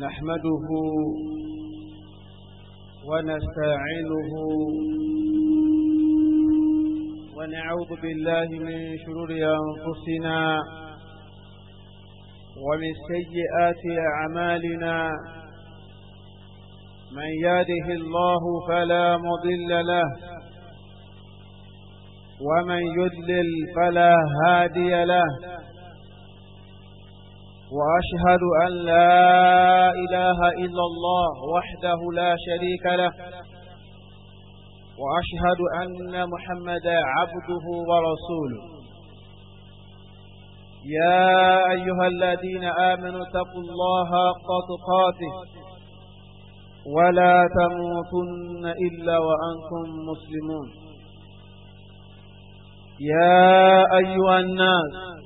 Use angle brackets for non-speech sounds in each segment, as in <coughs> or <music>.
نحمده ونستعينه ونعوذ بالله من شرور أنفسنا ومن سيئات أعمالنا من يهده الله فلا مضل له ومن يدلل فلا هادي له وأشهد أن لا إله إلا الله وحده لا شريك له وأشهد أن محمد عبده ورسوله يا أيها الذين آمنوا اتقوا الله قطقاته ولا تموتن إلا وأنتم مسلمون يا أيها الناس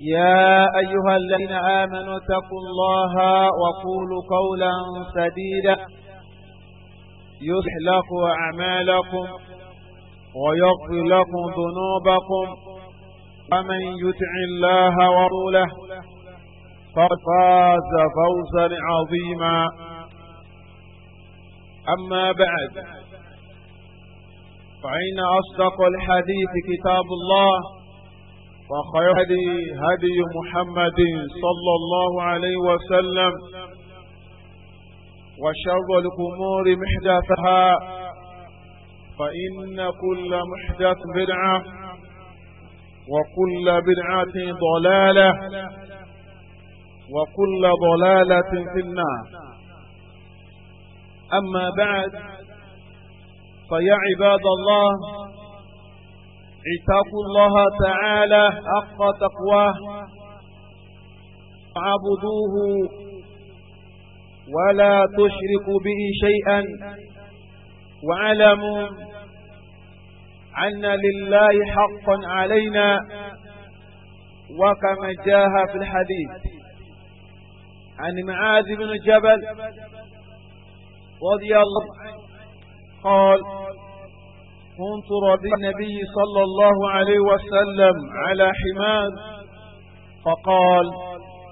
يا أيها الذين آمنوا اتقوا الله وقولوا قولا سديدا يحلق لكم أعمالكم ويغفر لكم ذنوبكم ومن يتع الله ورسوله فقد فاز فوزا عظيما أما بعد فإن أصدق الحديث كتاب الله وخير هدي هدي محمد صلى الله عليه وسلم وشر الأمور محدثها فإن كل محدث بدعة وكل بدعة ضلالة وكل ضلالة في النار أما بعد فيا عباد الله اتقوا الله تعالى حق تقواه وعبدوه ولا تشركوا به شيئا واعلموا أن لله حقا علينا وكما جاء في الحديث عن معاذ بن جبل رضي الله عنه قال كنت ردي النبي صلى الله عليه وسلم على حماد فقال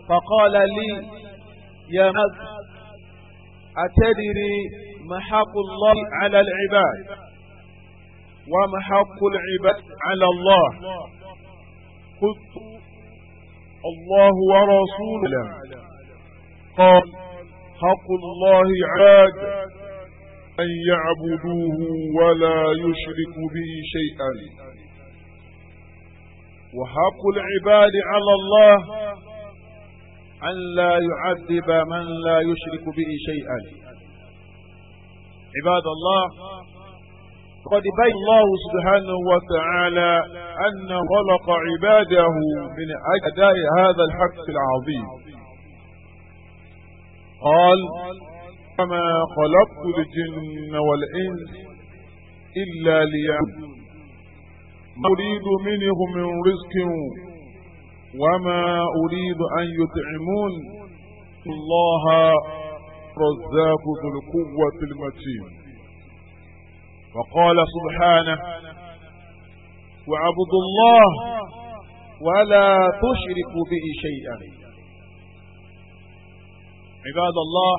فقال لي يا مد أتدري ما حق الله على العباد وما حق العباد على الله قلت الله ورسوله قال حق الله عباد أن يعبدوه ولا يشرك به شيئا وحق العباد على الله أن لا يعذب من لا يشرك به شيئا عباد الله قد بين الله سبحانه وتعالى أن خلق عباده من أداء هذا الحق العظيم قال وما خلقت الجن والإنس إلا ليعبدون ما أريد منهم من رزق وما أريد أن يطعمون الله رزاق ذو القوة المتين وقال سبحانه وعبد الله ولا تشرك به شيئا عباد الله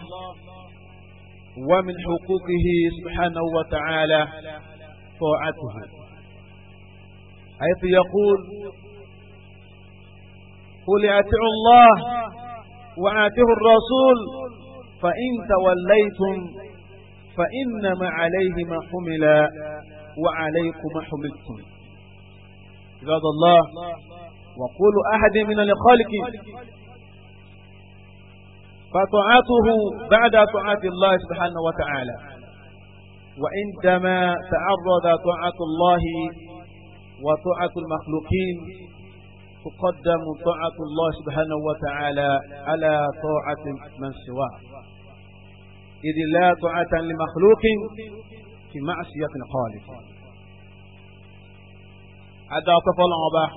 ومن حقوقه سبحانه وتعالى طاعته حيث يقول قل اتعوا الله واتعوا الرسول فإن توليتم فإنما عليه ما حمل وعليكم ما حملتم عباد الله وقولوا أحد من الخالق فطاعته بعد طاعة الله سبحانه وتعالى وعندما تعرض طاعة الله وطاعة المخلوقين تقدم طاعة الله سبحانه وتعالى على طاعة من سواه إذ لا طاعة لمخلوق في معصية خالق هذا طفل عبا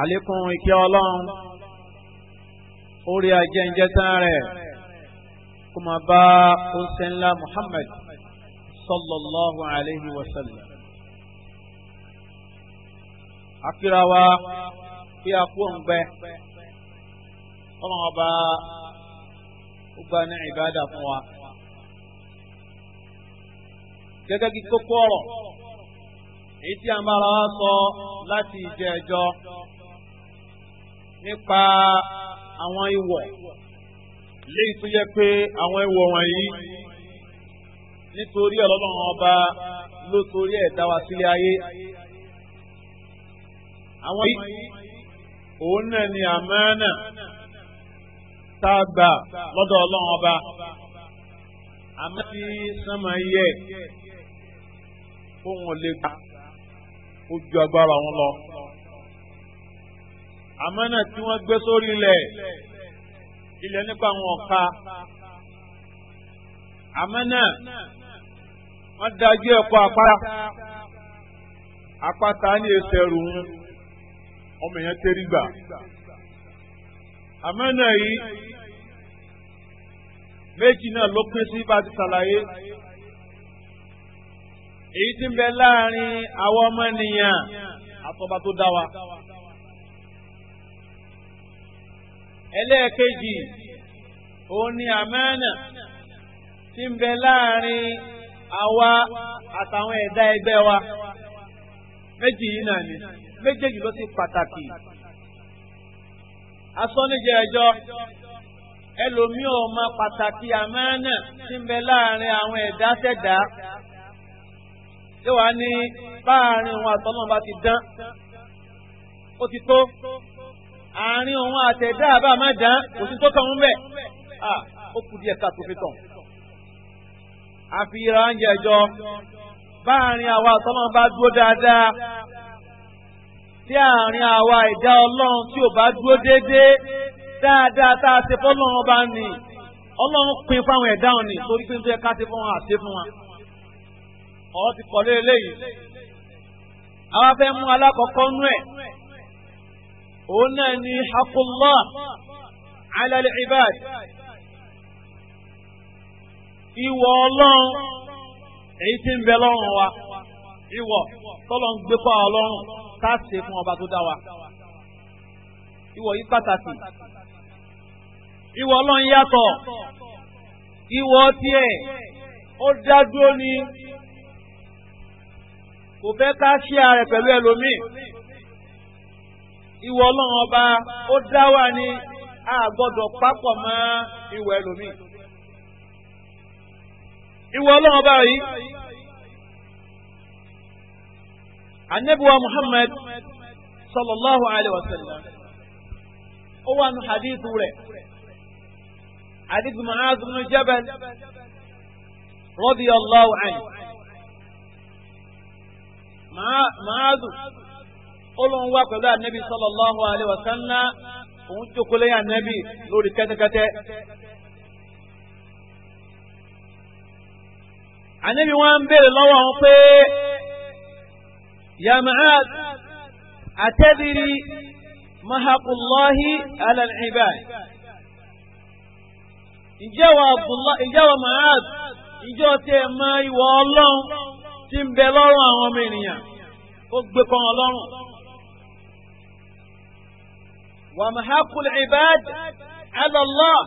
عليكم إكيالا الله orí ajẹ́njẹ́ tán rẹ̀ kó máa bá oṣẹ́ńlá Muhammad sallallahu alayhi wa akira kí a kú òǹgbẹ ọlọ́run ọba ó gba ní ìbádà fún wa. gẹ́gẹ́ bí kókó ọ̀rọ̀ èyí tí a sọ láti ìjẹ́ ẹjọ́ nípa. àwọn ìwọ̀ léyìí tó yẹ pé àwọn ìwọ̀ wọ̀nyí nítorí ọlọ́run ọba ló torí ẹ̀ dá wa sílé ayé àwọn yìí òun náà ni àmánà tá a gbà lọ́dọ̀ ọlọ́run ọba àmọ́ tí sánmà yẹ kóun lè gbà ó ju agbára wọn lọ àmánà tí wọ́n gbé sórí ilẹ̀ ilẹ̀ nípa àwọn ọ̀ka àmánà wọ́n dájú ẹ̀kọ́ àpárá àpáta ní èsè ẹrù ń ọmọ èèyàn tẹ́rí gbà àmánà yìí méjì náà ló pín sí bá ti ṣàlàyé èyí tí ń bẹ láàrin àwọn ọmọ ènìyàn àtọba tó dá wa. ẹlẹ́ẹ̀kejì òun ni àmánà tí ń bẹ láàrin àwa àtàwọn ẹ̀dá ẹgbẹ́ wa méjì yìí náà ni méjèèjì ló ti pàtàkì asọ́nìjẹ́ ẹjọ́ ẹlòmíì ò mọ pàtàkì àmánà tí ń bẹ láàrin àwọn ẹ̀dá sẹ̀dá yóò wá ní báàrin òun àtọ́nà bá ti dán ó ti tó àárín òun àtẹ̀dá àbá máa dán kò sí tó kàn ń bẹ̀ ó kù díẹ̀ ká tó fi tàn. àfihàn oúnjẹ jọ báàrin àwa àtọ́nà bá dúró dáadáa tí àárín àwa ìdá ọlọ́run tí ò bá dúró déédéé dáadáa tá a ṣe fọ́lọ́run ọba nì ọlọ́run pin fáwọn ẹ̀dá òní torí pé ń tẹ́ ká ṣe fún wọn àṣẹ fún wọn. ọ̀ ti kọ̀ lé eléyìí àwa fẹ́ mú alákọ̀ọ́kọ́ nú ẹ̀ òun náà ni haqqullah ala al-ibad ìwọ̀ ọlọ́run èyí tí ń bẹ lọ́rùn wa ìwọ̀ tọ́lọ̀ ń gbé pa ọlọ́run tá a ṣe fún ọba tó dá wa ìwọ̀ yìí pàtàkì ìwọ̀ ọlọ́run yàtọ̀ ìwọ̀ tiẹ̀ ó dá dúró ni kò fẹ́ ká ṣí ara rẹ̀ pẹ̀lú ẹlòmíì. ìwọ ọlọ́run ọba ó dá wà ní a gbọ́dọ̀ papọ̀ mọ́ ìwọ ẹlòmíì. ìwọ ọlọ́run ọba yìí anabiwa muhammad sallallahu alayhi wa sallam ó wà ní hadith rẹ̀ hadith mu'az bin jabal radiyallahu anhu olóhùn wá pẹ̀lú ànábì sallallahu alaihi wa sallam òun jókòó lẹ́yìn ànábì lórí kẹ́tẹ́kẹ́tẹ́. ànábì wọn ń béèrè lọ́wọ́ wọn pé ya Mu'adh atadiri ma ala al ǹjẹ́ wa Abdullah ǹjẹ́ wa Mu'adh ẹ̀ máa ìwọ ọlọ́run tí ń bẹ ومحق العباد على الله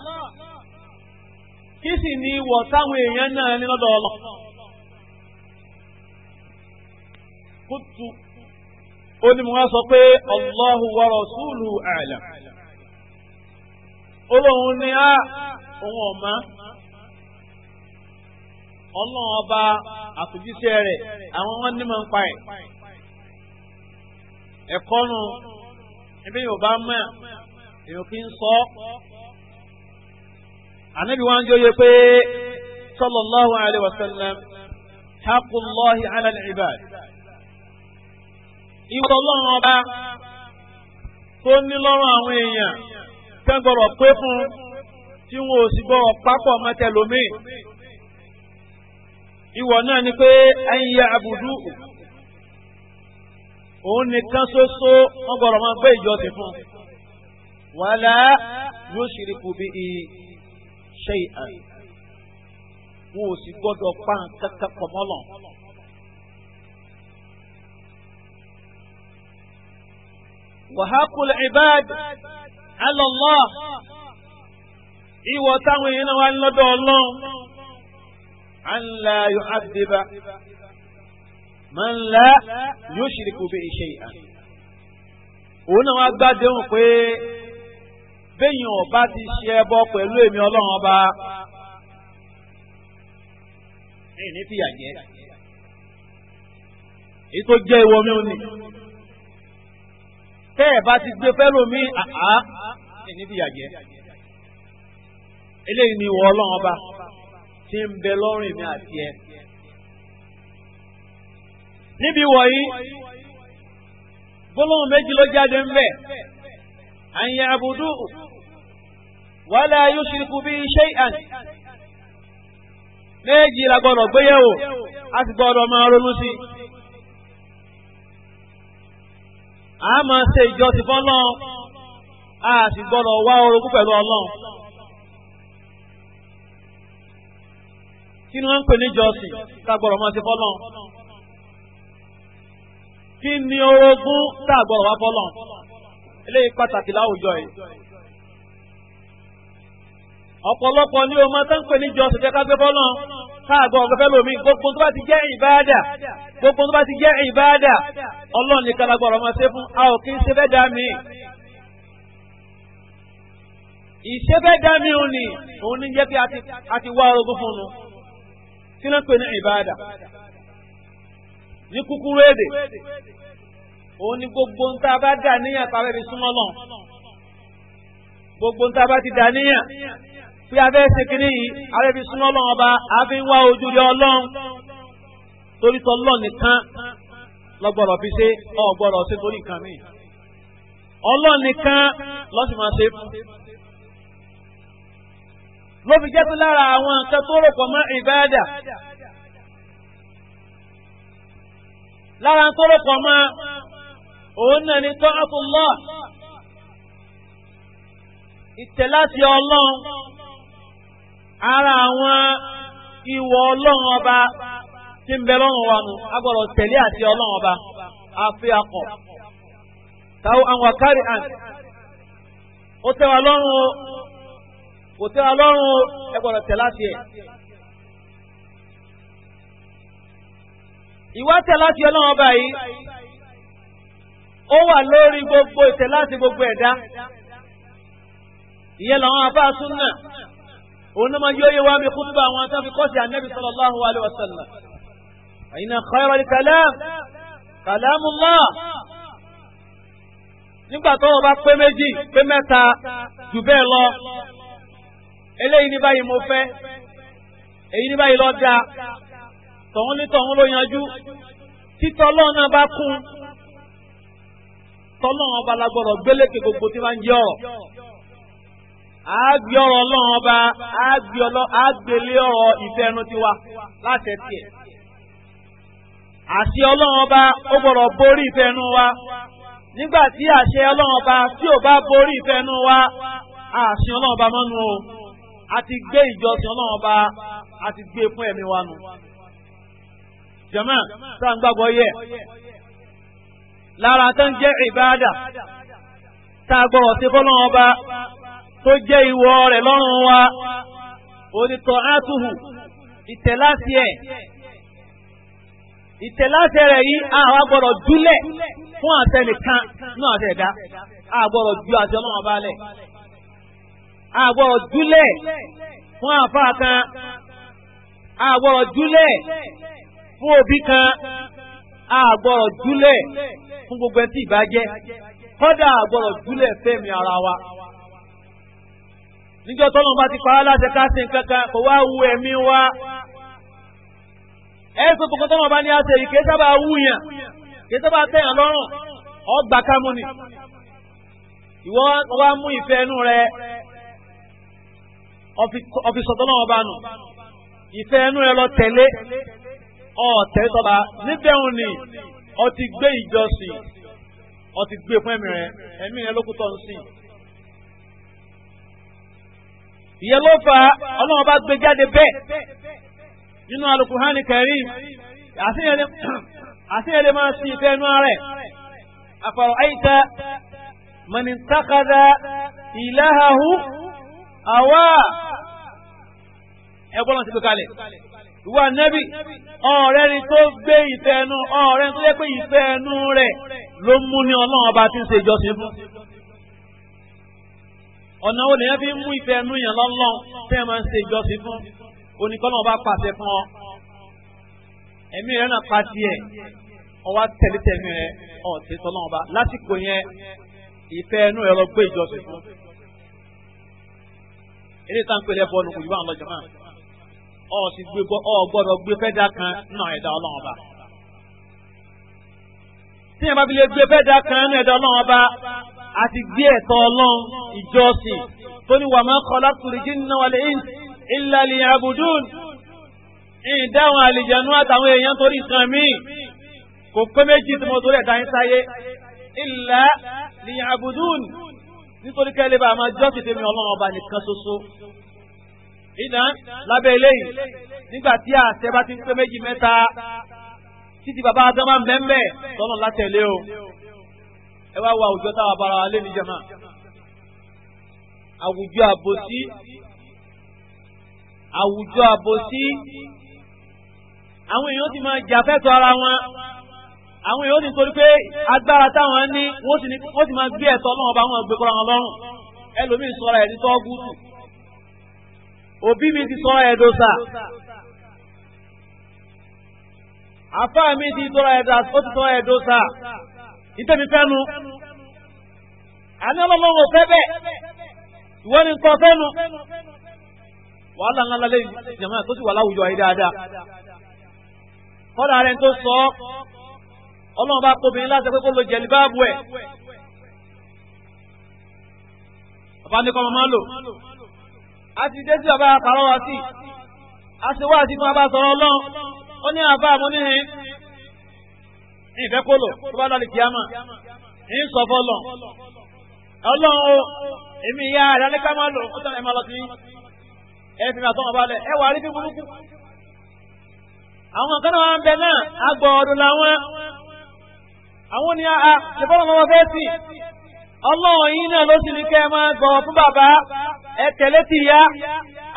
kí Kisi ni ìwọ̀ táwọn èèyàn náà ní lọ́dọ̀ ọlọ́ kútù ó ní mo wá sọ pé Allahu wa rasulu ni ah, ọba ebi yóò bá mọ̀ èyàn fi ń sọ. ànábi wọn jẹ́ oyè pé sallallahu alayhi wa sallam haqqullahi ala al-ibad. ìwọ ọlọ́run ọba tó ní lọ́rùn àwọn èèyàn tẹ́ gbọ́dọ̀ pé fún tí wọn ò sì gbọ́dọ̀ pápọ̀ mọ́tẹ́lómi. ìwọ náà ni pé ayé àbùdù. òun nìkan ṣoṣo wọn gbọ́dọ̀ máa gbé fún wàlá yushriku bihi shay'an i ò sì gbọ́dọ̀ pa nǹkan kan mọ́lọ̀. ala Allah ìwọ táwọn èèyàn wà lọ́dọ̀ an la man la yushriku bihi shay'an. òun náà wá gbádùn pé béèyàn ọba ti ṣe ẹbọ pẹ̀lú èmi ọlọ́run ọba ẹ̀yìn ní fìyà jẹ́ èyí tó jẹ́ ìwọ mi ò ní. tẹ́ ẹ̀ bá ti gbé fẹ́lòmí àá ẹ̀yìn ní fìyà jẹ́ eléyìí ni ìwọ ọlọ́run ọba tí ń bẹ lọ́rùn mi àti ẹ̀ níbi wọ̀nyí gbólóhùn méjì ló jáde ń bẹ̀ àyè àbùdù wàhálà yóò ṣirikú bí iṣẹ́ àn méjì la gbọ́dọ̀ gbéyẹ̀wò a sì gbọ́dọ̀ máa ronú sí i. a máa ṣe ìjọsìn fọ́nà a sì gbọ́dọ̀ wá orogún pẹ̀lú ọlọ́run. kí ni wọ́n ń pè ní ìjọsìn tá a gbọ́dọ̀ máa ṣe fọ́nà? kí ni orogún tààgbọ̀ wá fọ́lọ̀ eléyìí pàtàkì láwùjọ yìí ọ̀pọ̀lọpọ̀ ní o máa tán pè ní jọ́sìn jẹ́ ká gbé fọ́lọ̀ káàgbọ̀ ọ̀gbẹ́fẹ́ lómi gbogbo tó bá ti jẹ́ ìbáàdà gbogbo tó bá ti jẹ́ ọlọ́run ní kalagbọ̀ ọ̀rọ̀ máa ṣe fún a ò kí ni jẹ́ a ti wá orogún fún un ní kúkúrú èdè òun ni gbogbo ń tá a bá dà níyàn pa abẹ́bí súnmọ́ lọ gbogbo ń tá a bá ti dà níyàn pé abẹ́ ṣe kínní yìí abẹ́bí súnmọ́ lọ́wọ́ ọba àfi ń wá ojú rí ọlọ́run torí tọ́lọ́ nìkan lọ́gbọ́dọ̀ fi ṣe ọ̀gbọ́dọ̀ ṣe torí nǹkan mi ọlọ́run nìkan lọ́sìn máa ṣe ló fi jẹ́ pé lára àwọn nǹkan tó rò pọ̀ mọ́ ìbáàdà lára tó lọ́pọ̀ òun náà ni ọlọ́run ara àwọn ìwọ̀ ọlọ́run ọba tí ń bẹ lọ́rùn wa nù tẹ̀lé àti ọlọ́run ọba àfi akọ̀ táwọn àwọn ó lọ́rùn o kò lọ́rùn ìwátẹ̀ láti ọlọ́run ọba yìí ó wà lórí gbogbo ìtẹ̀ láti gbogbo ẹ̀dá ìyẹn làwọn afá súnà òun náà máa yóò yé wá mi kútùbà àwọn àtàfi kọ́sì ànẹ́bí sallallahu alaihi wasallam inna khayral kalam kalamullah nígbà tó wọ́n bá pé méjì pé mẹ́ta jù bẹ́ẹ̀ lọ eléyìí ní báyìí mo fẹ́ èyí ní báyìí lọ dáa tọ̀hún lé tọ̀hún ló yanjú títọ́ lọ́wọ́ náà bá kún tọ́lọ́wọ́n ọba lágbọ́rọ̀ gbélékè gbogbo tí wọ́n ń jẹ́ ọ̀rọ̀ àgbẹ̀ ọ̀rọ̀ ọlọ́run ọba àgbélé ọ̀rọ̀ ìfẹ́nu tiwa láti ẹ̀tì ẹ̀ àṣẹ ọlọ́run ọba ó gbọ́dọ̀ borí ìfẹ́nu wa nígbà tí àṣẹ ọlọ́run ọba tí ò bá borí ìfẹ́nu wa àṣẹ ọlọ́run ọba mọ́nu o a ti gbé ìjọsìn ọlọ́run ọba a ti gbé fún ẹ̀mí wa nù jama tá à ń gbàgbọ́ yẹ lára tó ń jẹ́ ìbáàdà tá a gbọ́dọ̀ sí fọ́lọ́n ọba tó jẹ́ ìwọ rẹ̀ lọ́rùn wa onítọ̀ átùhù ìtẹ̀láṣẹ ẹ̀ ìtẹ̀láṣẹ rẹ̀ yìí àwọn agbọ́dọ̀ dúlẹ̀ fún àṣẹ nìkan náà àṣẹ ẹ̀dá ju àṣẹ ọlọ́run ọba lẹ̀ àgbọ́dọ̀ dúlẹ̀ fún àfa kan àgbọ́dọ̀ fún òbí kan àgbọ̀rọ̀ júlẹ̀ fún gbogbo ẹtí ìbàjẹ́ kọ́dà àgbọ̀rọ̀ júlẹ̀ fẹ́mi ara wa. níjọ́ tọ́lọ́ bá ti parí láti ká sí nǹkan kan kò wá wu ẹ̀mí wa. ẹ̀sùn kòkó tọ́lọ́ bá ní àṣẹ yìí kì í sábà wúyàn kì í sábà tẹ̀yàn lọ́rùn ọgbà kámú ni. ìwọ wa mú ìfẹ́ inú rẹ ọfi sọ̀tọ́lọ́wọ́ bá nù ìfẹ́ inú rẹ lọ tẹ̀lé ọ̀tẹ́ tọ́ba níbẹ̀ òun ni gbé ìjọsìn ọ gbé fún ẹ̀mí rẹ ẹ̀mí rẹ lókùtọ̀ ń sìn. ìyẹn ló fa ọlọ́run bá gbé jáde bẹ́ẹ̀ nínú alukuhani karim àfihàn <coughs> lè máa sin ìfẹ́ àfàrọ̀ àyíká mọ̀nìtàkàdà ìlàhàhù àwa ẹgbọ́n ti gbé ìwà nẹ́bì ọ̀rẹ́ ni tó gbé ìfẹ́ ẹnu ọ̀rẹ́ tó yẹ pé ìfẹ́ ẹnu rẹ̀ ló mú ní ọlọ́run ọba tí ń ṣe ìjọsìn fún. ọ̀nà wo lèyàn fi ń mú ìfẹ́ ẹnu yàn lọ́lọ́run tẹ́ ẹ máa ń ṣe ìjọsìn fún oníkọ́lọ́ ọba pàṣẹ fún ọ. ẹ̀mí rẹ̀ náà pa tiẹ̀ ọwá tẹ̀lé tẹ̀mí rẹ̀ ọ̀tẹ̀ tọ́lọ́run ọba lásìkò yẹn ìfẹ́ ẹnu rẹ̀ lọ gbé ìjọsìn fún. eré tá à ń pè lẹ́bọ̀ọ́nù kò yí wà ń lọ jọ̀mọ́ ọ sì gbé ọ gbọ́dọ̀ gbé fẹ́dà kan náà ẹ̀dá ọlọ́run ọba. tí yẹn bá fi lè gbé fẹ́dà kan náà ẹ̀dá ọlọ́run ọba àti gbé ẹ̀tọ́ ọlọ́run ìjọsìn tó ní wa ma khalaqtul jinna wal insa illa liya'budun ìdáhùn àlìjẹ̀nú àtàwọn èèyàn torí nǹkan míì kò pé méjì tí mo torí ẹ̀dá yín sáyé illa liya'budun nítorí kẹ́lẹ́ bá a máa jọ́sìn tèmi ọlọ́run ọba nìkan ṣoṣo ìdá lábẹ́ eléyìí nígbà tí àṣẹ bá ti ń pé méjì mẹ́ta títí bàbá adama mẹ́mẹ́ tọ́nà látẹ̀lé o ẹ wá wá àwùjọ táwa bára wa lé ní jama àwùjọ àbòsí àwùjọ àbòsí àwọn èèyàn ti máa jà fẹ́tọ̀ ara wọn àwọn èèyàn ti torí pé agbára táwọn ní wọ́n ti máa gbé ẹ̀tọ́ náà bá wọn gbé kọ́ra wọn lọ́rùn ẹlòmíì sọ́ra ẹ̀ ní tọ́gùtù òbí mi ti sọ́ra ẹ̀dọ́ sà àfá mi ti sọ́ra ẹ̀dọ́ sà ìtẹ́mi fẹ́nu àní ọlọ́lọ́wọ́ fẹ́ bẹ́ẹ̀ ìwọ́n ni nǹkan fẹ́nu wàhálà ńlá lálẹ́ ìjàmá tó sì wà láwùjọ ayé dáadáa kọ́dà rẹ̀ tó sọ ọlọ́run bá tóbi láti pé kó lo jẹ̀lì báàbù ẹ̀ bàbá ní kọ́ ọmọ máa lò a ti dé sí wa sí a ti àti fún abá ọlọ́run ó ní àbá àmú ní ìfẹ́ tó bá dálì kíámà ní ọlọ́run o èmi ìyá rẹ̀ alẹ́ ká lò ó tẹ̀lé máa lọ sí fi ẹ tẹ̀lé tìrìà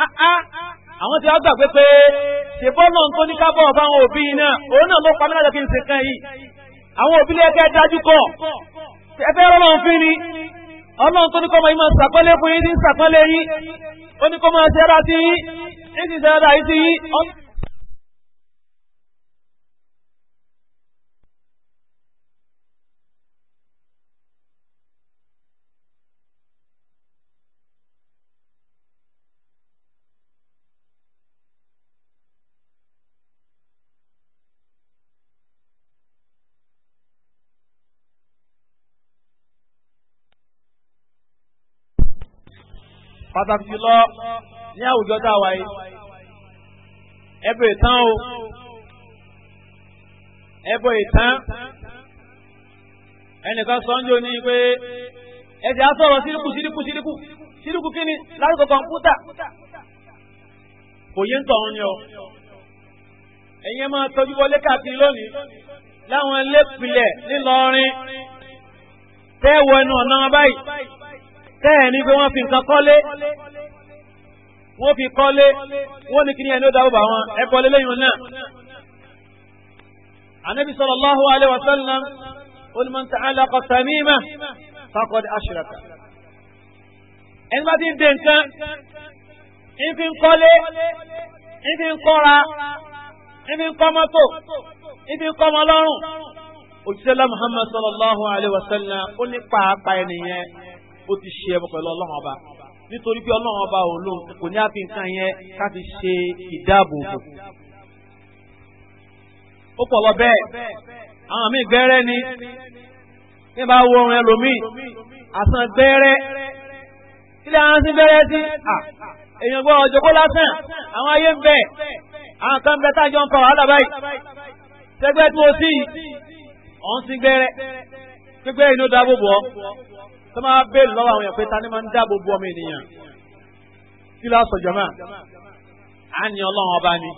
ah, ah. àwọn tí wọ́n gbàgbé pé ṣèbọ́ náà tó ní kábọ̀ fáwọn òbí náà òun náà ló pamọ́ lájọ kí n ṣe kan yìí àwọn òbí lè kẹ́ dájú kọ̀ ẹ fẹ́ rọ́lọ́run ni ọlọ́run tó ní kọ́ máa yín máa fún yín ní ṣàpọ́nlé yín ó ní kọ́ máa ṣe sí yín ní ti ṣe ara yín sí yín. pàtàkì jùlọ ní àwùjọ tá a wà yìí ẹbọ ìtàn o ẹbọ ìtàn ẹnìkan sọ ń jò ní pé ẹ̀jẹ̀ á sọ̀rọ̀ síríkù síríkù síríkù síríkù kíni lárúkọ kọ̀ǹpútà kò yé ń tọ̀run ni ọ ẹ̀yin ẹ máa tọ́jú wọlé káàkiri lónìí láwọn ilé pilẹ̀ ńìlọrin tẹ́ wọ ẹnu ọ̀nà báyìí kẹ́ẹ̀ ní pé wọ́n fi nǹkan kọ́lé wọ́n fi kọ́lé wọ́n ní kí ni ẹni ó dáwọ́ bà wọn ẹ kọ́lé lẹ́yìn náà. Ànábì sallallahu alaihi wasallam ó ní man ta'allaqa tamima faqad ashraka. Ẹni bá ti ń de nǹkan ń fi ń kọ́lé ń fi ń kọ́ra ń fi ń kọ́ mọ́tò ń fi ń kọ́ mọ́ lọ́rùn. Òjíṣẹ́lá Muhammad sallallahu alaihi wasallam ó ní pàápàá ẹnìyẹn ó ti ṣe ẹbọ pẹ̀lú ọlọ́run ọba nítorí pé ọlọ́run ọba ò lóun kò ní àfi nǹkan yẹn ká ṣe ìdáàbòbò. ó pọ̀ lọ bẹ́ẹ̀ àwọn míì gbẹ́rẹ́ ni ní bá wo ohun ẹlòmíì àsán gbẹ́rẹ́ ilé àwọn sí gbẹ́rẹ́ sí èèyàn gbọ́ ọ̀jọ̀gbọ́ lásán àwọn ayé ń bẹ̀ àwọn kan bẹ tájọ ń fa wàhálà báyìí sẹgbẹ́ tó o sí ọ̀hún sí gbẹ́rẹ́ gbẹ́gbẹ́ yìí ló dáàbò bò tó máa béèrè lọ́wọ́ àwọn èèyàn pé ta ni máa ń dáàbò bo ọmọ ènìyàn kí ló sọ jọmọ à ní ọlọ́run ọba ni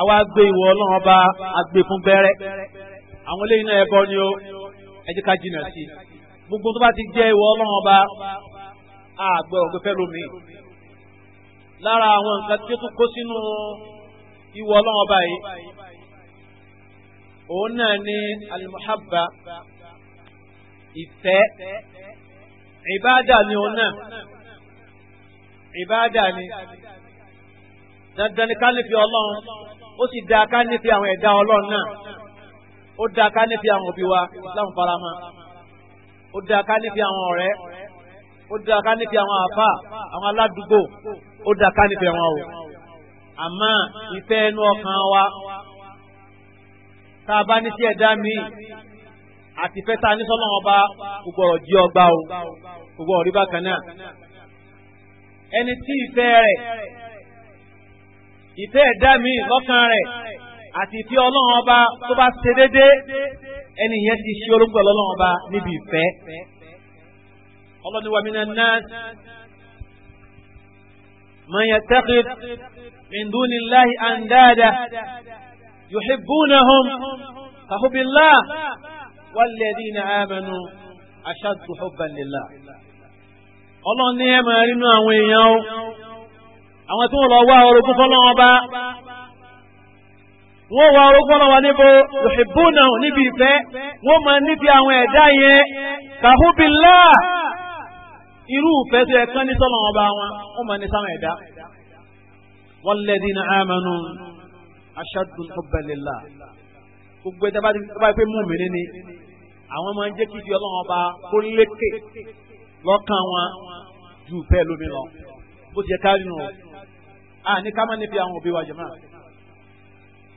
àwa gbé ìwọ ọlọ́run ọba agbè fún bẹ̀rẹ̀ àwọn eléyìí náà ẹbọ ni ó ẹ jẹ́ ká jìnnà sí gbogbo tó bá ti jẹ́ ìwọ ọlọ́run ọba àgbẹ̀ ọ̀gbẹ́fẹ́ lómi lára àwọn nǹkan tí ó tún kó sínú ìwọ ọlọ́run ọba yìí òun náà ni alimuhabba ìfẹ́ ìbáàdà ni òun náà ìbáàdà ni dandan ni ká nífẹ̀ẹ́ ọlọ́run ó sì dáa ká nífẹ̀ẹ́ àwọn ẹ̀dá ọlọ́run náà ó dáa ká nífẹ̀ẹ́ àwọn òbí wa láwọn farama ó dáa ká nífẹ̀ẹ́ àwọn ọ̀rẹ́ ó dáa ká nífẹ̀ẹ́ àwọn àfà àwọn aládùúgbò ó dáa ká nífẹ̀ẹ́ wọn o àmọ́ ìfẹ́ ẹnu ọkàn wa tá a bá ní sí ẹ̀dá míì àti fẹ́ta nísọ́nà ọba gbogbo ọ̀rọ̀ jí ọgbà o gbogbo ọ̀rí bákan náà ẹni tí ìfẹ́ rẹ̀ ìfẹ́ ẹ̀dá mi lọ́kàn rẹ̀ àti ìfẹ́ ọlọ́run ọba tó bá ṣe déédé ẹni yẹn ti ṣe orúkọ ọlọ́run ọba níbi ìfẹ́ ọlọ́ni wa minan nas man yattaqid min dunillahi andada yuhibbunahum والذين آمنوا أشد حبا لله الله ní ẹ máa rí inú àwọn èèyàn o àwọn tí wọ́n lọ wá orogún fọlọ́wọ́n bá wọ́n wá orogún fọlọ́wọ́n níbo yuhibbuna níbi ìfẹ́ wọ́n máa níbi àwọn ẹ̀dá yẹn kàhúbìlá irú ìfẹ́ tó yẹ kán ní sọ́lọ́wọ́n bá wọn wọ́n máa ní sáwọn ẹ̀dá walladhina amanu ashaddu hubban lillah gbogbo ẹ̀dá bá pé mú mi ní àwọn máa ń jẹ́ kí ibi ọlọ́run ọba kó lékè lọ́kàn wọn ju bẹ́ẹ̀ lómi lọ bó ti yẹ káàrí nù a ní ká má níbi àwọn òbí wa jẹ̀mọ́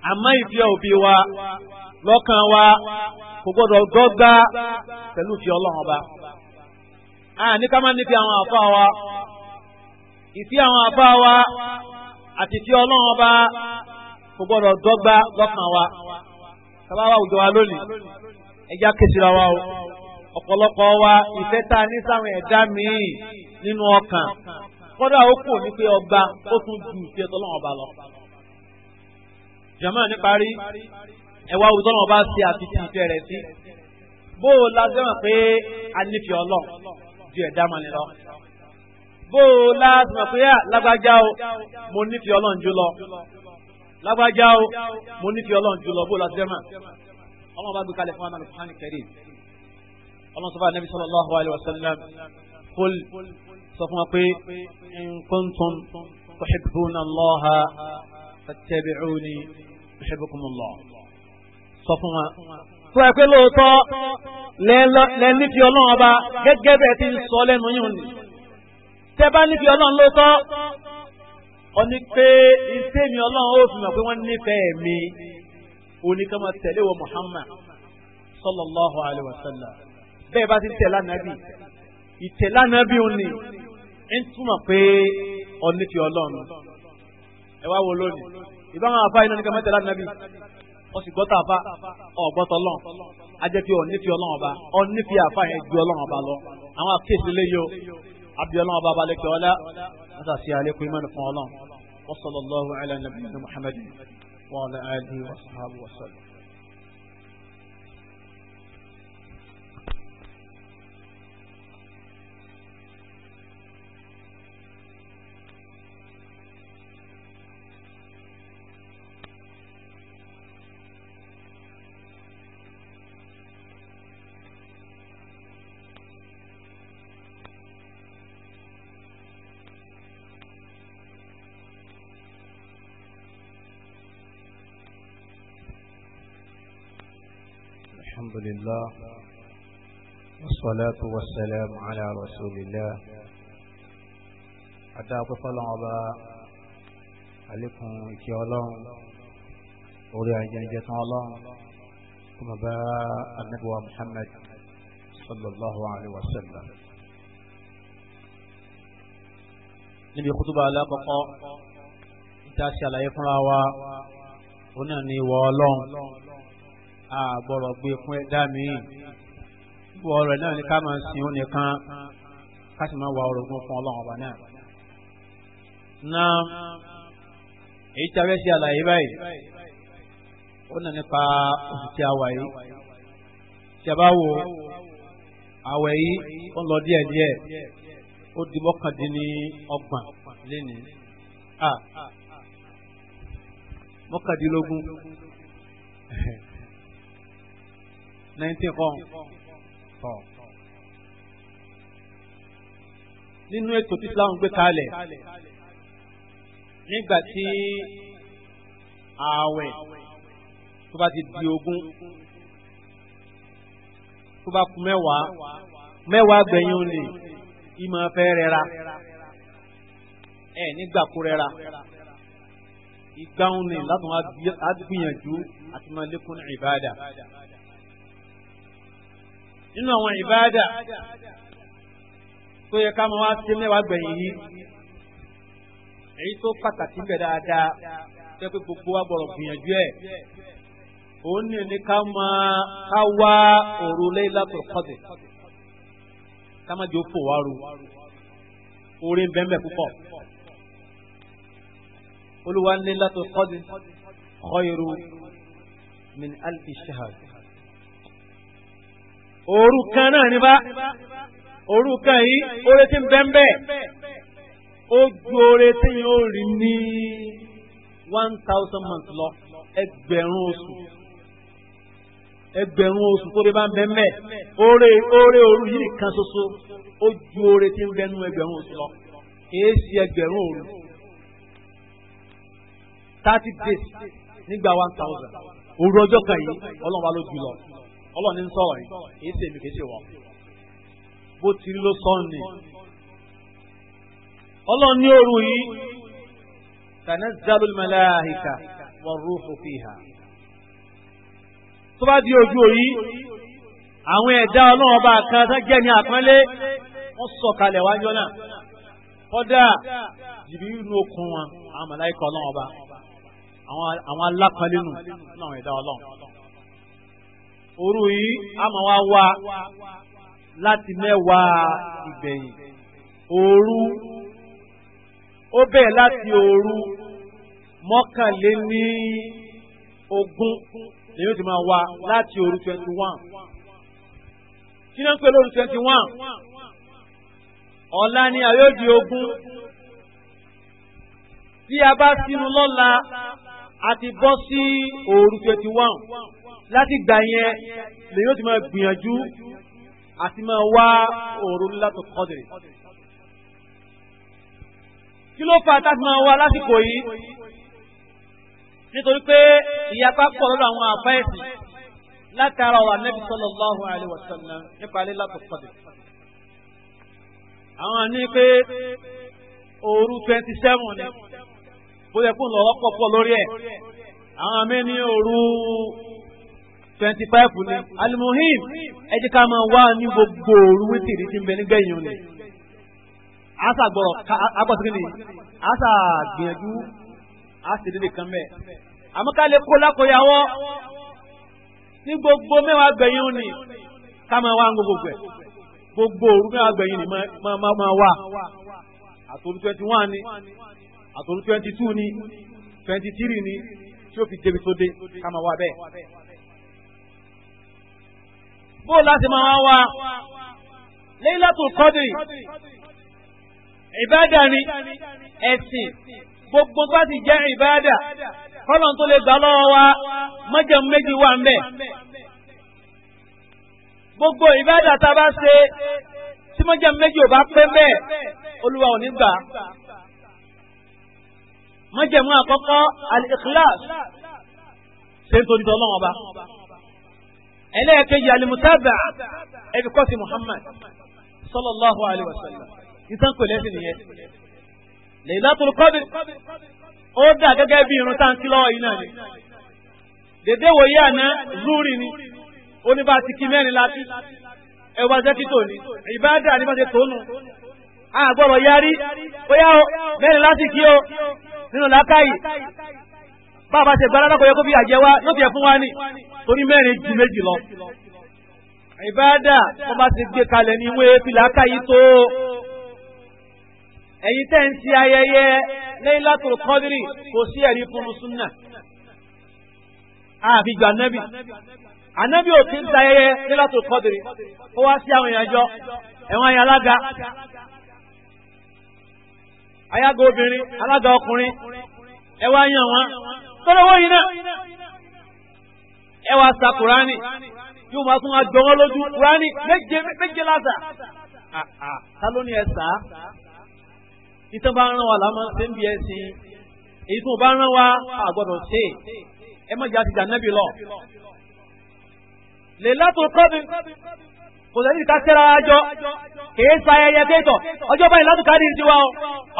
àmọ́ ìfi òbí wa lọ́kàn wa kò gbọ́dọ̀ dọ́gba pẹ̀lú ìfi ọlọ́run ọba a ká má níbi àwọn àfa wa ìfi àwọn àfa wa àti ìfi ọlọ́run ọba kò gbọ́dọ̀ dọ́gba lọ́kàn wa sábàbà òjò wa lónìí ẹja kẹsìlá wa o ọ̀pọ̀lọpọ̀ wa ìfẹ́ tá a ní sáwọn ẹ̀dá míì nínú ọkàn kọ́dà ó kò ní pé ọgbà ó tún ju ìfẹ́ tọ́lọ́wọ́n ọba lọ. jàmọ́ níparí ẹ̀wá òjò tọ́lọ́wọ́n bá ṣe àfihàn ìfẹ́ rẹ̀ sí bó o lájọ́ hàn pé a nífẹ̀ẹ́ ọlọ́run ju ẹ̀dá mọ́ni lọ bó o lájọ́ hàn pé lágbájá o mo nífẹ̀ẹ́ ọlọ́run lágbájá o mo nífẹ̀ẹ́ ọlọ́run jùlọ bó la sẹ́mà ọmọ bá gbé kalẹ̀ fún amadu fúnni kẹrì ọmọ sọfà nabi sallallahu alayhi wa sallam kul sọ fún wa pé in kuntum tuhibbuna allaha fattabi'uni yuhibbukum allah sọ fún wa. tó ẹ pé lóòótọ́ lẹ nífẹ̀ẹ́ ọlọ́run ọba gẹ́gẹ́ bẹ́ẹ̀ ti sọ lẹ́nu yìí tẹ bá nífẹ̀ẹ́ ọlọ́run lóòótọ́ ó ní pé iṣẹ́ mi ọlọ́run ó fi mọ̀ pé wọ́n nífẹ̀ẹ́ mi oníkàmọ́ tẹ̀lé wọ Muhammad sallallahu alayhi wa sallam bẹ́ẹ̀ bá ti tẹ̀lá nàbì ìtẹ̀lá nàbì òun ni ń túmọ̀ pé ọ̀ní ti ọlọ́run ẹ wá wo lónìí ìbáwọn àfa iná nígbà mẹ́tẹ̀lá nàbì ó sì gbọ́tà àfa ọ̀gbọ́tọ̀ ọlọ́run ajẹ́ pé ọ̀ní ti ọlọ́run ọba ọ̀ní fi àfa yẹn ju ọlọ́run ọba lọ àwọn àkéèsí léyò àbí ọba balẹ̀ kẹ́ ọlá هذا سياليك ويمان فعلا وصلى الله على نبينا محمد وعلى آله وصحبه وسلم الحمد لله والصلاة والسلام على رسول الله حتى أقفل عبا عليكم إكي الله أولي عن جنجة الله ثم باء النبوة محمد صلى الله عليه وسلم نبي kútúbà على بقاء ṣàlàyé fúnra wa ó náà àgbọ̀rọ̀ gbé fún ẹ̀dá míì gbogbo ọ̀rọ̀ náà ni ká máa sin ó nìkan ká sì máa wà fún ọlọ́run ọba náà. na èyí tí a fẹ́ ṣe àlàyé báyìí ó nà nípa oṣù tí a wà yìí tí a bá wo àwẹ̀ yìí ó ó di mọ́kàndínní ọgbọ̀n lénìí mọ́kàndínlógún nineteen kan tọ̀. nínú ètò tí Islam gbé kalẹ̀ nígbà ti ààwẹ̀ tó bá ti di ogún tó bá kù mẹ́wàá mẹ́wàá gbẹ̀yìn olè ìmọ̀ fẹ́ rẹra ẹ̀ nígbà kó rẹra ìgbà òun ni látọ̀ a gbìyànjú àti máa lékún ìbáàdà nínú àwọn ìbáàdà tó yẹ ká máa wá sí mẹ́wàá gbẹ̀yìn yìí èyí tó pàtàkì bẹ̀ dáadáa jẹ́ pé gbogbo wa gbọ́dọ̀ gbìyànjú ẹ̀ òun ní ní ká máa ká wá òru Laylatul Qadr ká má jẹ́ òfò wá ru orí ń bẹ́ẹ̀ púpọ̀ olúwa ní Laylatul Qadr khairu min alfi shahr. òru kan náà ní bá òru kan yìí oore tí ń ó ju oore tí ó rí ní one thousand months lọ ẹgbẹ̀rún oṣù ẹgbẹ̀rún oṣù tó dé bá ń bẹ́ mẹ́ oore oore òru yìí ó ju oore tí ń nú ẹgbẹ̀rún oṣù lọ èé ṣe ẹgbẹ̀rún òru thirty days nígbà one thousand òru ọjọ́ kan yìí ọlọ́run wa ló jù lọ. ọlọ́ọ̀ni ń sọ̀rọ̀ yìí kìí ṣe èmi kìí ṣe wọ̀ bó ti rí ló sọ ni ọlọ́ọ̀ni òru yìí tanazzalul malaika warruhu fiha tó bá di ojú òyí àwọn ẹ̀dá ọlọ́run ọba kan tó jẹ́ ní àpọ́nlé wọ́n sọ̀kalẹ̀ wájọ́ náà kọ́dà Oru yìí a máa wá wá láti mẹ́wàá ìgbẹ̀yìn òru ó bẹ̀rẹ̀ láti òru mọ́kànléní ogún lèyí ó ti máa wá láti òru twenty one kí ló ń pè lóru twenty one ọ̀la ni àyóòdì ogún tí a bá sínú lọ́la a ti bọ́ sí òru twenty one. láti gbà yẹn lèyìn ó ti máa gbìyànjú àti máa wá òru láti kọ́dìrì. kí ló fà tá a ti máa wá lásìkò yìí nítorí pé ìyapa pọ̀ lọ́dọ̀ àwọn àbá ẹ̀sìn látara ọ̀rọ̀ Ànábì sallallahu alaihi wasallam nípa ilé láti kọ́dìrì. àwọn àní pé òru twenty seven ni bó kó lọ́wọ́ pọ̀ pọ̀ lórí ẹ̀ àwọn àmì ní òru twenty five ni alimuhim ẹ jẹ́ ká máa wá ní gbogbo òru wítìrì tí ń bẹ nígbẹ̀yìn ni asa gbọ́rọ̀ agbọ́sí ni asa gbìyànjú asa ìdílé kan mẹ́ àmọ́ ká lè kó lákòyàwó ní gbogbo mẹ́wàá gbẹ̀yìn ni ká máa wá gbogbo gbẹ̀ gbogbo òru mẹ́wàá gbẹ̀yìn ni máa wá àtòrú twenty one ni àtòrú twenty two ni twenty three ni tí ó fi débi tó dé ká máa wá bẹ́ẹ̀ bó láti máa wá Laylatul Qadri ìbádà ni ẹ̀sìn gbogbo bá ti jẹ́ ìbádà kọ́lọ̀ tó lè gbà lọ́wọ́ wa mọ́jọ méjì wà ń bẹ̀. gbogbo ìbádà tá a bá ṣe tí mọ́jọ méjì ò bá pé bẹ́ẹ̀ olúwa ò ní gbà. mọ́jọ mú àkọ́kọ́ al ṣe ń torí tọ́lọ́wọ́n ọba ẹlẹ́ẹ̀kejì alimusaba ẹbí kọ́sì muhammad sallallahu alayhi wa sallam ìtàn kò lẹ́sìn nìyẹn Laylatul Qadr ó dà gẹ́gẹ́ bí irun tá à ń kí lọ́wọ́ yìí náà ni dédé wòye àná zúrì ni ó ní bá ti kí mẹ́rin láti ẹwà zẹ́kítò ni ìbáàdà ní bá ti tónù àgbọ̀rọ̀ yarí bóyá mẹ́rin láti kí o nínú làákàyè bàbá ṣe gbára lọ́kọ̀ yẹ kó fi àjẹ wá ló tiẹ̀ fún wa ní torí mẹ́rin ju méjì lọ. ìbáàdà wọn bá ti gbé kalẹ̀ ní ìwé fìlàkà yìí tó ẹ̀yin tẹ́ ń ti ayẹyẹ Laylatul Qadri kò sí ẹ̀rí fún súnà àfi gbà nẹ́bì ànẹ́bì ò kí ń ta ayẹyẹ Laylatul Qadri ó wá sí àwọn èèyàn jọ ẹ̀wọ̀n ayé alága ayago obìnrin alága ọkùnrin ẹ wá yàn wọn. tọ́lọ́ wọ́n yìí náà sa kùránì yóò máa lójú kùránì méje láta ta ló ìtàn bá rán wa làwọn ṣe ń bí èyí tó bá rán wa àgbọ̀dọ̀ ṣe ẹ má lọ. kò ká sa ọjọ́ báyìí ti wá o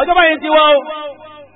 ọjọ́ báyìí ti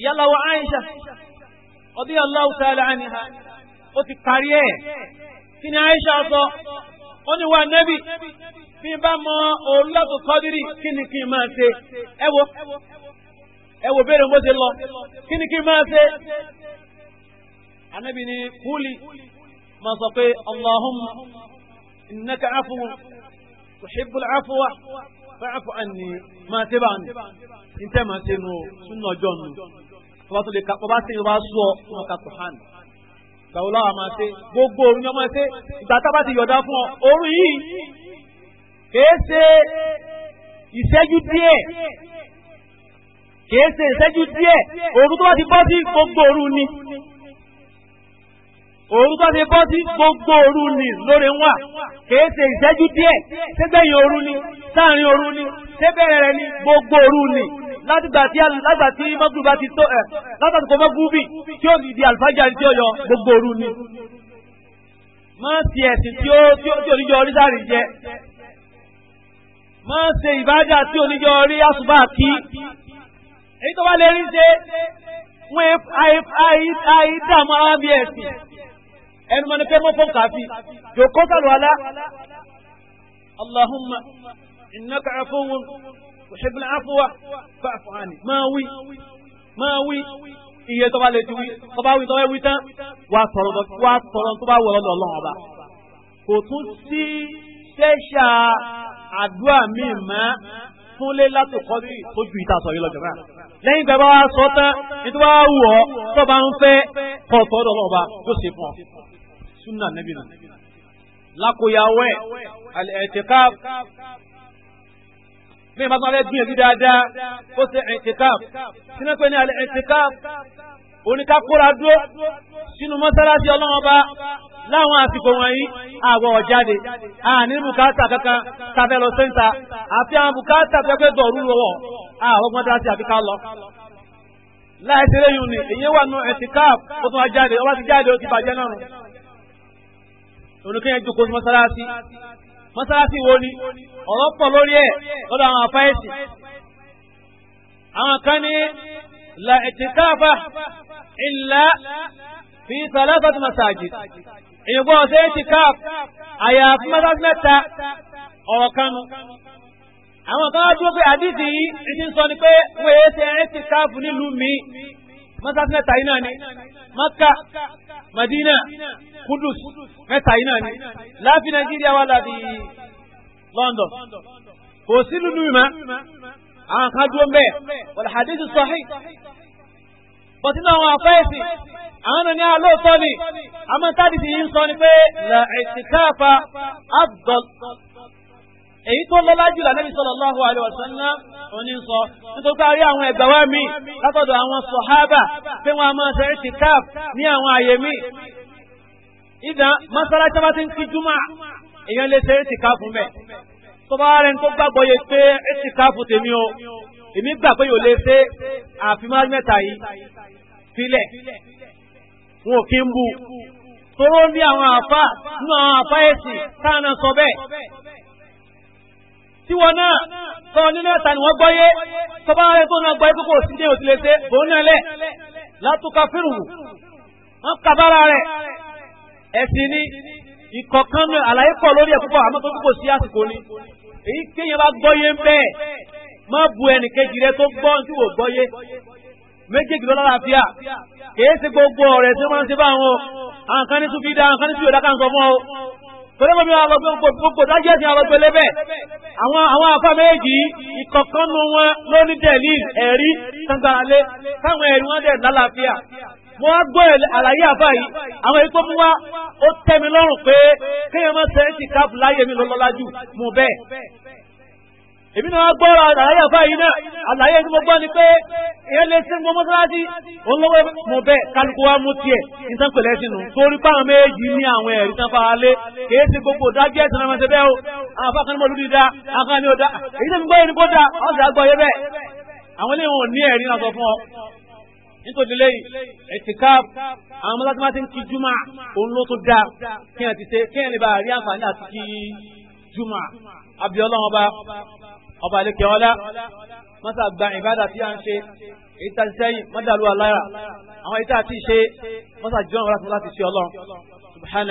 ìyálà wa Aisha radiyallahu ta'ala anha ó ti parí ẹ̀ kí ni Aisha sọ ó ní wa nẹ́bì bí n bá mọ òun lọ́tò kọ́dírì kí ni kí n máa ṣe ẹ wo ẹ wo béèrè bó ṣe lọ kí fa'fu anni máa tẹ́ bá ní níta máa tẹ́ nu súnà ọjọ́ nu bàbá lè ka bàbá tẹ́ bá sọ wọn ka Qur'an gbàwó láwa máa tẹ́ gbogbo òun ni wọ́n máa tẹ́ ìgbà tá a bá ti yọ̀dá fún ọ òórùn yìí kèé ṣe ìṣẹ́jú díẹ̀ kèé ṣe ìṣẹ́jú díẹ̀ òórùn tó bá ti bọ́ sí gbogbo òórùn ni. òru tó ti bọ́ gbogbo òru ni lórí wà kìí ṣe ìṣẹ́jú díẹ̀ ṣẹ́gbẹ̀yìn òru ni sáàrin òru ni ṣẹ́bẹ̀rẹ̀ rẹ̀ ni gbogbo òru ni látìgbà tí bá ti tó ẹ̀ eh, látàtùkọ mọ́gùrù tí ó di àlùfájà tí ó yọ gbogbo òru ni. má ṣe ẹ̀sìn tí ó tí ó orí sáré jẹ má ṣe ìbájà tí oníjọ orí àṣùbà kí èyí tó bá lè rí ṣe wọn àìdààmú ara bí ẹnu mọ́ni pé mọ́fọ́n kàáfi jòkó sàlùwàlá allahumma innaka afuwun tuhibbul afwa fa'fu anni máa wí máa wí iye tó bá lè ti wí tó bá wí tó bá wí tán wà sọ̀rọ̀ wà sọ̀rọ̀ tó bá wọ̀rọ̀ lọ́lọ́ ọba kò tún sí ṣẹ́ṣà àdúrà míì mọ́ fún lé látò kọ́rí tó ju ìta sọ̀rọ̀ lọ́jọ́ náà lẹ́yìn ìgbà bá wá sọ tán ní tó bá wù ọ́ tó bá ń fẹ́ kọ́ sọ̀rọ̀ lọ́ba yóò ṣe fún ọ sunna nabi na lakoyawe al-i'tikaf bẹ́ẹ̀ bá tún alẹ́ gbìyànjú dáadáa ó ṣe i'tikaf sínú pé ní al-i'tikaf oníkakóra dúró sínú mọ́sálásí ọlọ́wọ́n bá láwọn àsìkò wọ̀nyí àwọ̀ ọ̀jáde àní bùkátà kankan tàbẹ́ lọ sẹ́ńtà àti àwọn bùkátà pẹ́pẹ́ dọ̀rú lọ́wọ́ àwọn mọ́sálásí àfi ká lọ. láìsí lẹ́yìn ni èyí wà nù i'tikaf ó tún wá jáde ó bá ti jáde ó ti bàjẹ́ náà oníkẹ́yẹ jókòó sí mọ́sálásí mọ́sálásí wo ni ọ̀rọ̀ pọ̀ lórí ẹ̀ lọ́dọ̀ àwọn àfáìsì àwọn kan ní la ìtìkáfà ìlà fi sàlásàtì masajid ìyẹ̀bọ̀ ọ̀sẹ̀ ìtìkáf àyàfi mọ́sálásí mẹ́ta ọ̀rọ̀ kanu àwọn kan dúró pé àdìsí yìí ìdí ń sọ ni pé wọ́n èé ṣe ìtìkáf nílùú mi mọ́sálásí mẹ́ta yìí náà ni Mákà Madina Kudus mẹ́ta yìí náà ni láti Nàìjíríà wà láti London kò sí lulu ìmọ̀ àwọn kan dúró mbẹ́ wal hadith sahih bọ̀tí náà wọn àfẹ́sì àwọn náà ní àlóòtọ́ ni àmọ́ táàdì ti ń sọ ni pé la ìtìkáfà afdal èyí tó lọ́lá jùlọ anábì sallallahu alaihi wasallam òní ń sọ nítorí kárí àwọn ẹ̀gbàwá mi látọ̀dọ̀ àwọn sọ̀hábà pé wọ́n a máa ṣe ìtìkáf ní àwọn àyè mi. ìdá mọ́sálásí bá ti ń kíjúmọ́ èèyàn lè ṣe ìtìkáf mẹ́. tó bá rẹ̀ ń tó gbàgbọ́ yẹ pé ìtìkáf tèmi o èmi gbà pé yóò lè ṣe àfi mẹ́ta yìí filẹ̀ wọn ò kí ń bu toró ní àwọn àfa nínú àfa ẹ̀sìn táwọn sọ bẹ́ẹ̀ tí wọn náà sọ̀rọ̀ nínú ẹ̀ta ni wọ́n gbọ́yé tó bá rẹ̀ tó náà gbọ́yé tó kò sí ní òtí lè ṣe òun náà lẹ̀ látúkà fírùwù wọ́n kàbára rẹ̀ ẹ̀sìn ni ìkọ̀kan náà àlàyé pọ̀ lórí ẹ̀ púpọ̀ àmọ́ tó kò sí àsìkò ni èyí kéèyàn bá gbọ́yé ń bẹ́ẹ̀ má bu ẹnìkejì rẹ tó gbọ́ tí wò gbọ́yé méjèèjì lọ́la àfíà kèé ṣe gbogbo ọ̀rẹ́ tí wọ́n máa ń ṣe báwọn àwọn kan ní tún fi dá àwọn ní tún yóò dá ká ń sọ fún ọ tọ́lẹ́gbẹ́ mi àwọn gbogbo dájú ẹ̀sìn àwọn gbẹlẹ́ bẹ́ẹ̀ àwọn àwọn àfa méjì ìkọ̀kànnú wọn ló ní tẹ̀lé ẹ̀rí tangaralé táwọn ẹ̀rí wọn dẹ̀ lálàáfíà mo wá gbọ́ àlàyé àbá yìí àwọn èyí tó mú wá ó tẹ́ mi lọ́rùn pé kéèyàn máa ṣe ti káàpù láyé mi lọ́lọ́lájú mo bẹ́ẹ̀ èmi náà gbọ́ra àlàyé àfáà yìí náà àlàyé tí mo gbọ́ ni pé ìyẹn lè ṣe gbọ́ mọ́sálásí olówó mo bẹ́ẹ̀ kálukú wa mú tiẹ̀ nǹkan pẹ̀lẹ́ sínú torí pé àwọn méjì ní àwọn ẹ̀rí tán fara lé kìí ṣe gbogbo dájú ẹ̀sìn náà ṣe bẹ́ẹ̀ o àwọn afáàkàn ní mo da àwọn kan èyí tó ń gbọ́ yẹn ni kó da ọ̀sẹ̀ àgbọ̀ yẹ bẹ́ẹ̀ àwọn ilé wọn ò ní ẹ̀rí náà sọ fún ọba àlekẹ́ ọlá mọ́tà gba ìbádà tí a ń ṣe èyí tá a ti sẹ́yìn mọ́tà lu alára àwọn èyí tá a mọ́tà jọ́nà láti ṣe ọlọ́run